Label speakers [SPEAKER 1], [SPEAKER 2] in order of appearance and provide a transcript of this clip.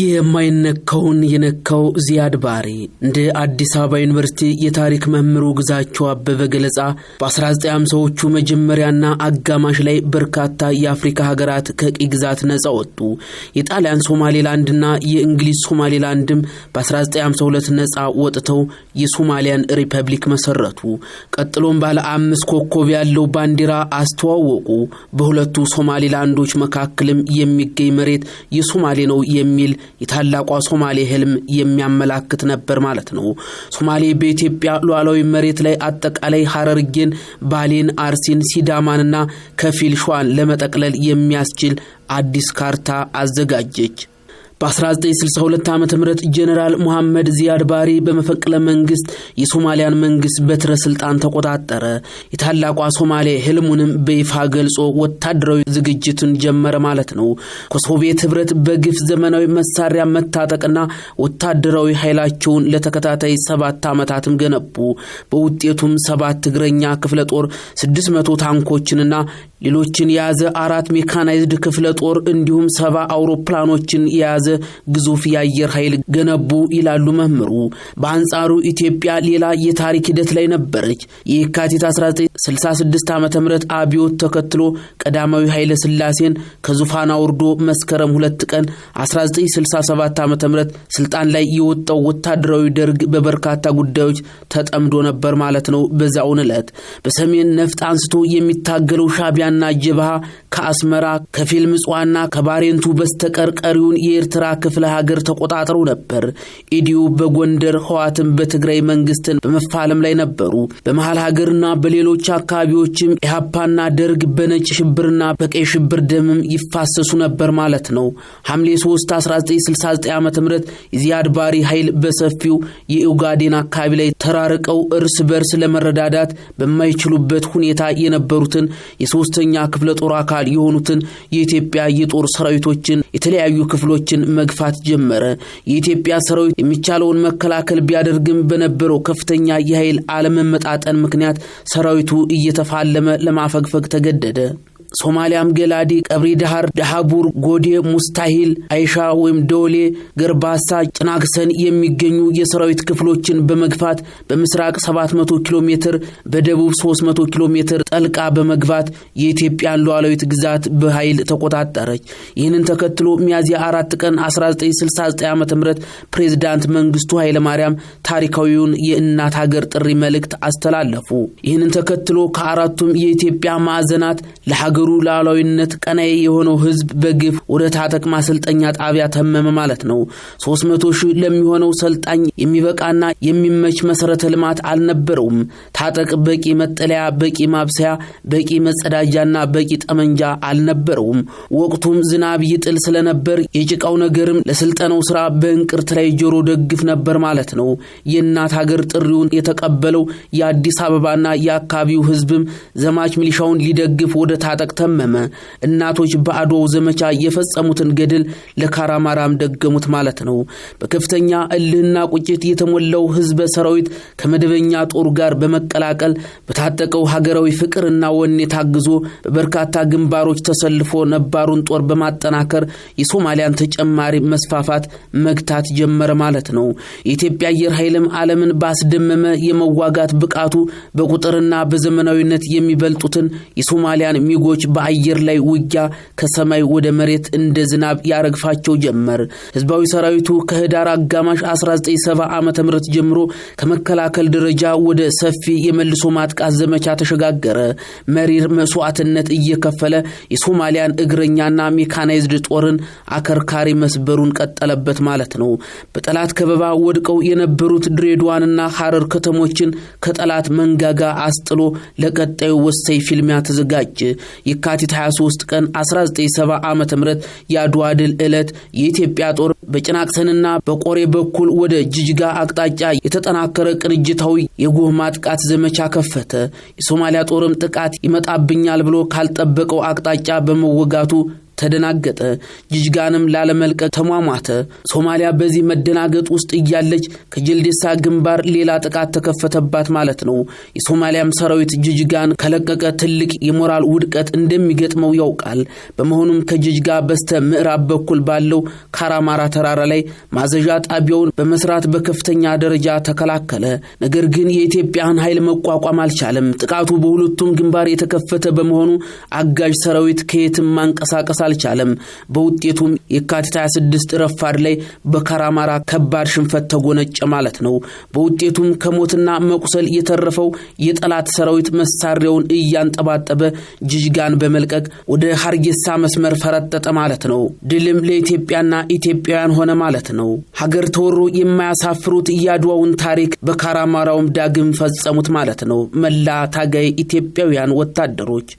[SPEAKER 1] የማይነካውን የነካው ዚያድ ባሬ እንደ አዲስ አበባ ዩኒቨርሲቲ የታሪክ መምህሩ ግዛቸው አበበ ገለጻ በ1950ዎቹ መጀመሪያና አጋማሽ ላይ በርካታ የአፍሪካ ሀገራት ከቂ ግዛት ነጻ ወጡ። የጣሊያን ሶማሌላንድና የእንግሊዝ ሶማሌላንድም በ1952 ነጻ ወጥተው የሶማሊያን ሪፐብሊክ መሰረቱ። ቀጥሎም ባለ አምስት ኮከብ ያለው ባንዲራ አስተዋወቁ። በሁለቱ ሶማሌላንዶች መካከልም የሚገኝ መሬት የሶማሌ ነው የሚል የታላቋ ሶማሌ ህልም የሚያመላክት ነበር ማለት ነው። ሶማሌ በኢትዮጵያ ሉዓላዊ መሬት ላይ አጠቃላይ ሀረርጌን፣ ባሌን፣ አርሲን፣ ሲዳማንና ከፊል ሸዋን ለመጠቅለል የሚያስችል አዲስ ካርታ አዘጋጀች። በ1962 ዓ ም ጀኔራል ሙሐመድ ዚያድ ባሪ በመፈቅለ መንግስት የሶማሊያን መንግስት በትረ ስልጣን ተቆጣጠረ። የታላቋ ሶማሌ ህልሙንም በይፋ ገልጾ ወታደራዊ ዝግጅቱን ጀመረ ማለት ነው። ከሶቪየት ህብረት በግፍ ዘመናዊ መሳሪያ መታጠቅና ወታደራዊ ኃይላቸውን ለተከታታይ ሰባት ዓመታትም ገነቡ። በውጤቱም ሰባት እግረኛ ክፍለ ጦር፣ 600 ታንኮችንና ሌሎችን የያዘ አራት ሜካናይዝድ ክፍለ ጦር እንዲሁም ሰባ አውሮፕላኖችን የያዘ ግዙፍ የአየር ኃይል ገነቡ ይላሉ መምህሩ። በአንጻሩ ኢትዮጵያ ሌላ የታሪክ ሂደት ላይ ነበረች። የካቲት 1966 ዓ ም አብዮት ተከትሎ ቀዳማዊ ኃይለ ስላሴን ከዙፋን አውርዶ መስከረም ሁለት ቀን 1967 ዓ ም ስልጣን ላይ የወጣው ወታደራዊ ደርግ በበርካታ ጉዳዮች ተጠምዶ ነበር ማለት ነው። በዛውን ዕለት በሰሜን ነፍጥ አንስቶ የሚታገለው ሻቢያና ጀብሃ ከአስመራ ከፊልም ምጽዋና ከባሬንቱ በስተቀር ቀሪውን የኤርትራ የኤርትራ ክፍለ ሀገር ተቆጣጥሮ ነበር። ኢዲዩ በጎንደር ህዋትን በትግራይ መንግስትን በመፋለም ላይ ነበሩ። በመሀል ሀገርና በሌሎች አካባቢዎችም ኢህአፓና ደርግ በነጭ ሽብርና በቀይ ሽብር ደምም ይፋሰሱ ነበር ማለት ነው። ሐምሌ 3 1969 ዓ ም የዚያድ ባሪ ኃይል በሰፊው የኡጋዴን አካባቢ ላይ ተራርቀው እርስ በርስ ለመረዳዳት በማይችሉበት ሁኔታ የነበሩትን የሶስተኛ ክፍለ ጦር አካል የሆኑትን የኢትዮጵያ የጦር ሰራዊቶችን የተለያዩ ክፍሎችን መግፋት ጀመረ። የኢትዮጵያ ሰራዊት የሚቻለውን መከላከል ቢያደርግም በነበረው ከፍተኛ የኃይል አለመመጣጠን ምክንያት ሰራዊቱ እየተፋለመ ለማፈግፈግ ተገደደ። ሶማሊያም ገላዲ፣ ቀብሪ ዳሃር፣ ዳሃቡር፣ ጎዴ፣ ሙስታሂል፣ አይሻ ወይም ደወሌ፣ ገርባሳ፣ ጭናክሰን የሚገኙ የሰራዊት ክፍሎችን በመግፋት በምስራቅ 700 ኪሎ ሜትር በደቡብ 300 ኪሎ ሜትር ጠልቃ በመግባት የኢትዮጵያን ሉዓላዊት ግዛት በኃይል ተቆጣጠረች። ይህንን ተከትሎ ሚያዝያ አራት ቀን 1969 ዓ ም ፕሬዚዳንት መንግስቱ ኃይለማርያም ታሪካዊውን የእናት ሀገር ጥሪ መልእክት አስተላለፉ። ይህንን ተከትሎ ከአራቱም የኢትዮጵያ ማዕዘናት ለሀገ ለሀገሩ ሉዓላዊነት ቀናይ የሆነው ህዝብ በግፍ ወደ ታጠቅ ማሰልጠኛ ጣቢያ ተመመ ማለት ነው። ሶስት ሺህ ለሚሆነው ሰልጣኝ የሚበቃና የሚመች መሰረተ ልማት አልነበረውም። ታጠቅ በቂ መጠለያ፣ በቂ ማብሰያ፣ በቂ መጸዳጃና በቂ ጠመንጃ አልነበረውም። ወቅቱም ዝናብ ይጥል ስለነበር የጭቃው ነገርም ለስልጠናው ስራ በእንቅርት ላይ ጆሮ ደግፍ ነበር ማለት ነው። የእናት ሀገር ጥሪውን የተቀበለው የአዲስ አበባና የአካባቢው ህዝብም ዘማች ሚሊሻውን ሊደግፍ ወደ ታጠቅ ታጠቅ ተመመ እናቶች በአዶ ዘመቻ የፈጸሙትን ገድል ለካራማራም ደገሙት ማለት ነው። በከፍተኛ እልህና ቁጭት የተሞላው ህዝበ ሰራዊት ከመደበኛ ጦር ጋር በመቀላቀል በታጠቀው ሀገራዊ ፍቅርና ወኔ ታግዞ በበርካታ ግንባሮች ተሰልፎ ነባሩን ጦር በማጠናከር የሶማሊያን ተጨማሪ መስፋፋት መግታት ጀመረ ማለት ነው። የኢትዮጵያ አየር ኃይልም ዓለምን ባስደመመ የመዋጋት ብቃቱ በቁጥርና በዘመናዊነት የሚበልጡትን የሶማሊያን ሚጎች ኃይሎች በአየር ላይ ውጊያ ከሰማይ ወደ መሬት እንደ ዝናብ ያረግፋቸው ጀመር። ህዝባዊ ሰራዊቱ ከህዳር አጋማሽ 1970 ዓ ም ጀምሮ ከመከላከል ደረጃ ወደ ሰፊ የመልሶ ማጥቃት ዘመቻ ተሸጋገረ። መሪር መስዋዕትነት እየከፈለ የሶማሊያን እግረኛና ሜካናይዝድ ጦርን አከርካሪ መስበሩን ቀጠለበት ማለት ነው። በጠላት ከበባ ወድቀው የነበሩት ድሬድዋንና ሐረር ከተሞችን ከጠላት መንጋጋ አስጥሎ ለቀጣዩ ወሳኝ ፊልሚያ ተዘጋጀ። የካቲት 23 ቀን 1970 ዓ ም የአድዋ ድል ዕለት የኢትዮጵያ ጦር በጭናቅሰንና በቆሬ በኩል ወደ ጅጅጋ አቅጣጫ የተጠናከረ ቅንጅታዊ የጎህ ማጥቃት ዘመቻ ከፈተ። የሶማሊያ ጦርም ጥቃት ይመጣብኛል ብሎ ካልጠበቀው አቅጣጫ በመወጋቱ ተደናገጠ። ጅጅጋንም ላለመልቀቅ ተሟሟተ። ሶማሊያ በዚህ መደናገጥ ውስጥ እያለች ከጀልዴሳ ግንባር ሌላ ጥቃት ተከፈተባት ማለት ነው። የሶማሊያም ሰራዊት ጅጅጋን ከለቀቀ ትልቅ የሞራል ውድቀት እንደሚገጥመው ያውቃል። በመሆኑም ከጅጅጋ በስተ ምዕራብ በኩል ባለው ካራማራ ተራራ ላይ ማዘዣ ጣቢያውን በመስራት በከፍተኛ ደረጃ ተከላከለ። ነገር ግን የኢትዮጵያን ኃይል መቋቋም አልቻለም። ጥቃቱ በሁለቱም ግንባር የተከፈተ በመሆኑ አጋዥ ሰራዊት ከየትም ማንቀሳቀስ አልቻለም። በውጤቱም የካቲት 26 ረፋድ ላይ በካራማራ ከባድ ሽንፈት ተጎነጨ ማለት ነው። በውጤቱም ከሞትና መቁሰል የተረፈው የጠላት ሰራዊት መሳሪያውን እያንጠባጠበ ጅጅጋን በመልቀቅ ወደ ሀርጌሳ መስመር ፈረጠጠ ማለት ነው። ድልም ለኢትዮጵያና ኢትዮጵያውያን ሆነ ማለት ነው። ሀገር ተወሮ የማያሳፍሩት የአድዋውን ታሪክ በካራማራውም ዳግም ፈጸሙት ማለት ነው። መላ ታጋይ ኢትዮጵያውያን ወታደሮች